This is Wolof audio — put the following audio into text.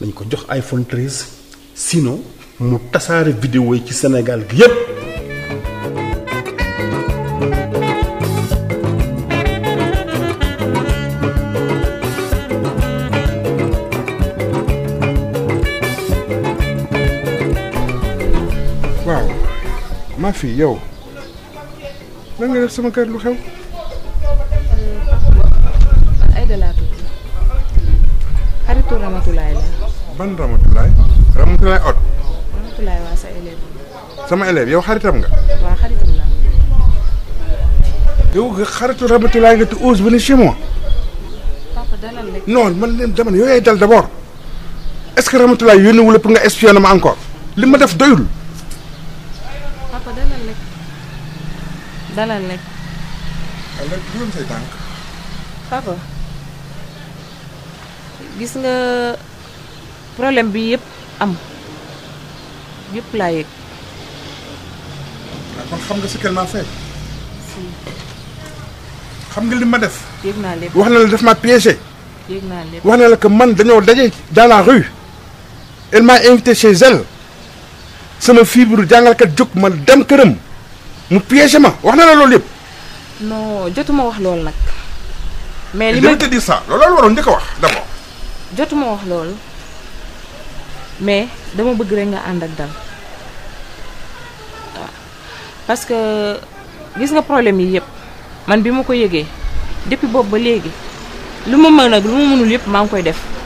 dañ ko jox iPhone 13 sino mu tasaare vidéo yi ci senegal gi yépp waaw maa yow lan def sama kër lu xew. Euh, ban Ramatoulaye Ramatoulaye Ott. Ramatoulaye waa sa élève. sama élève yow xaritam nga. waaw xaritam la. yow nga xaritu Ramatoulaye nga te ose ba ne chez moi. papa dalal rek. non man de dama ne yow yaay dal d' abord est ce que Ramatoulaye yónni wu la pour nga espionner ma encore li ma def doyul. papa dalal rek dalal rek. alors que say tànk. papa gis nga. problème bi yëpp am yëpp laa yëg. Ah, kon xam nga ce qu'elle m'a fait. xam nga li ma def. yëg naa lépp wax na la daf ma piégé. yëg naa lépp wax na la que man dañoo daje dans la rue. elle m'a invité chez elle sama fibre jàngalkat jóg ma dem këram mu piégé ma wax na la loolu yëpp. non jotuma wax loolu nag. mais li ma te dire ça loolu waroon njëkk a wax d'abord. jotuma wax loolu. mais dama bëgg rek nga ànd ak dal waaw parce que gis nga problème yi yëpp man bi ma ko yëgee depuis boobu ba léegi lu ma mën ak lu ma mënul yëpp maa ngi koy def.